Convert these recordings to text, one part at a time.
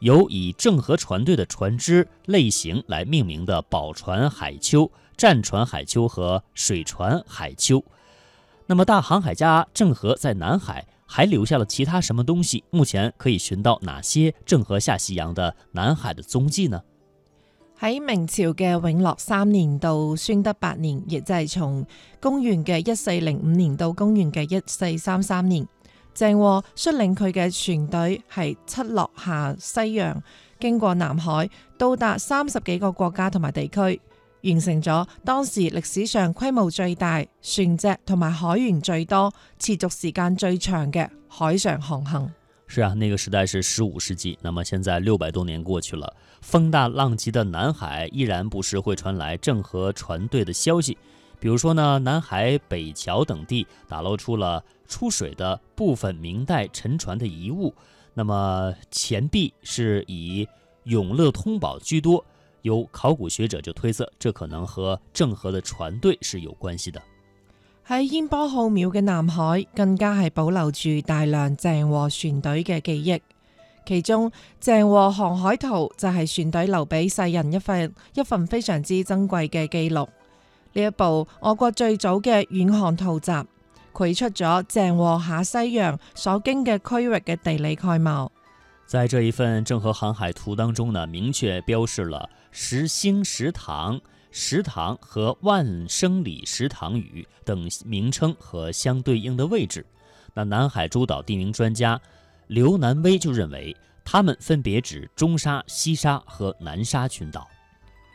有以鄭和船隊的船隻類型來命名的寶船海丘、戰船海丘和水船海丘。那麼，大航海家鄭和在南海還留下了其他什麼東西？目前可以尋到哪些鄭和下西洋的南海的蹤迹呢？喺明朝嘅永樂三年到宣德八年，亦就係從公元嘅一四零五年到公元嘅一四三三年。鄭和率領佢嘅船隊係七落下西洋，經過南海，到達三十幾個國家同埋地區，完成咗當時歷史上規模最大、船隻同埋海員最多、持續時間最長嘅海上航行。是啊，那個時代是十五世紀，那麼現在六百多年過去了，風大浪急的南海依然不時會傳來鄭和船隊的消息。比如說呢，南海北橋等地打撈出了出水的部分明代沉船的遺物。那麼錢幣是以永樂通寶居多，有考古學者就推測，這可能和鄭和的船隊是有關係的。喺煙波浩渺嘅南海，更加係保留住大量鄭和船隊嘅記憶。其中鄭和航海圖就係船隊留俾世人一份一份非常之珍貴嘅記錄。呢一部我國最早嘅遠航圖集，繪出咗鄭和下西洋所經嘅區域嘅地理概貌。在這一份鄭和航海圖當中呢，明確標示了石星石塘、石塘和萬生里石塘嶼等名稱和相對應的位置。那南海諸島地名專家劉南威就認為，他們分別指中沙、西沙和南沙群島。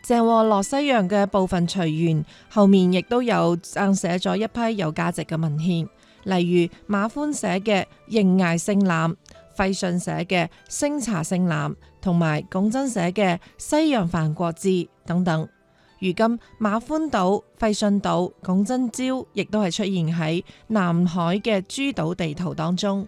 鄭和落西洋嘅部分隨員，後面亦都有撰寫咗一批有價值嘅文獻，例如馬歡寫嘅《瀛涯勝覽》，費信寫嘅《星槎勝覽》，同埋鞏珍寫嘅《西洋番國志》等等。如今馬歡島、費信島、鞏珍礁，亦都係出現喺南海嘅諸島地圖當中。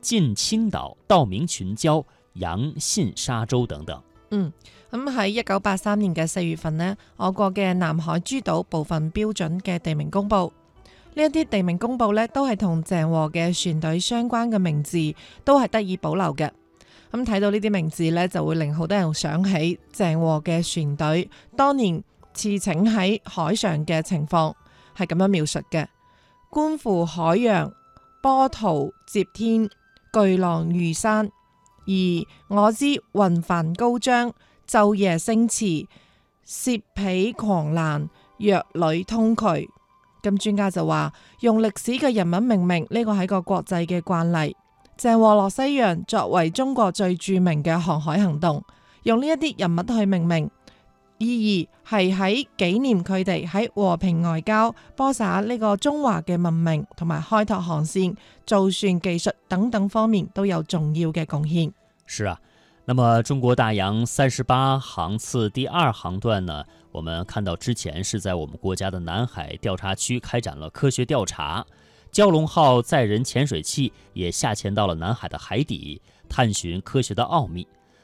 近青島、道明群礁、陽信沙洲等等。嗯，咁喺一九八三年嘅四月份呢，我國嘅南海諸島部分標準嘅地名公布。呢一啲地名公布咧，都係同鄭和嘅船隊相關嘅名字，都係得以保留嘅。咁、嗯、睇到呢啲名字咧，就會令好多人想起鄭和嘅船隊當年馳騁喺海上嘅情況，係咁樣描述嘅：觀乎海洋，波濤接天。巨浪如山，而我知雲帆高張，晝夜星馳，涉彼狂瀾，若履通衢。咁專家就話，用歷史嘅人物命名呢個係個國際嘅慣例。鄭和下西洋作為中國最著名嘅航海行動，用呢一啲人物去命名。意義係喺紀念佢哋喺和平外交、播撒呢個中華嘅文明，同埋開拓航綫、造船技術等等方面都有重要嘅貢獻。是啊，那麼中國大洋三十八航次第二航段呢，我們看到之前是在我們國家的南海調查區開展了科學調查，蛟龍號載人潛水器也下潛到了南海的海底，探尋科學的奧秘。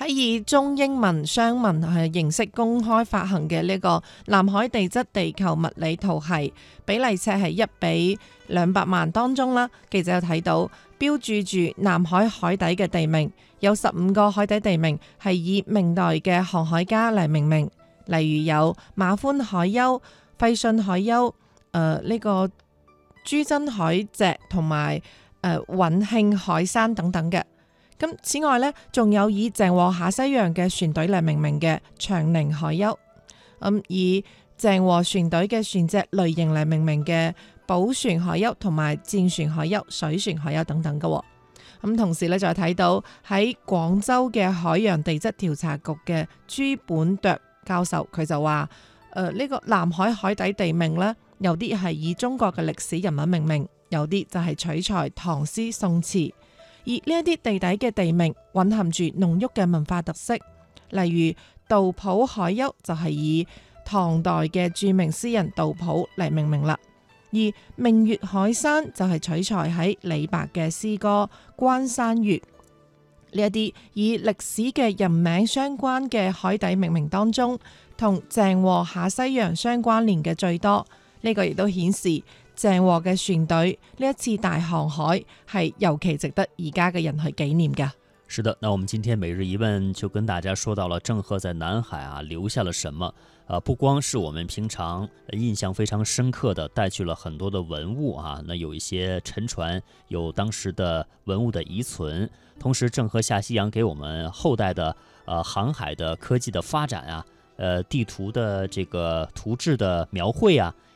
喺以中英文雙文形式公開發行嘅呢個南海地質地球物理圖係，比例尺係一比兩百萬當中啦。記者有睇到標注住南海海底嘅地名，有十五個海底地名係以明代嘅航海家嚟命名，例如有馬歡海丘、費信海丘、誒、呃、呢、這個珠珍海脊同埋誒尹慶海山等等嘅。咁此外咧，仲有以鄭和下西洋嘅船隊嚟命名嘅「長寧海丘」，以鄭和船隊嘅船隻類型嚟命名嘅「寶船海丘」同埋「戰船海丘」、「水船海丘」等等嘅。咁同時咧，再睇到喺廣州嘅海洋地質調查局嘅朱本鈞教授，佢就話：，呢、呃呢個南海海底地名呢，有啲係以中國嘅歷史人物命名，有啲就係取材唐詩宋詞。而呢一啲地底嘅地名，蘊含住濃郁嘅文化特色，例如杜甫海丘就係、是、以唐代嘅著名詩人杜甫嚟命名啦。而明月海山就係取材喺李白嘅詩歌《關山月》。呢一啲以歷史嘅人名相關嘅海底命名當中，同鄭和下西洋相關聯嘅最多，呢、這個亦都顯示。鄭和嘅船隊，呢一次大航海係尤其值得而家嘅人去紀念㗎。是的，那我們今天每日一問就跟大家說到了鄭和在南海啊留下了什麼？啊，不光是我們平常印象非常深刻的帶去了很多的文物啊，那有一些沉船，有當時的文物的遺存。同時，鄭和下西洋給我們後代的，呃、啊，航海的科技的發展啊，呃、啊，地圖的這個圖志的描繪啊。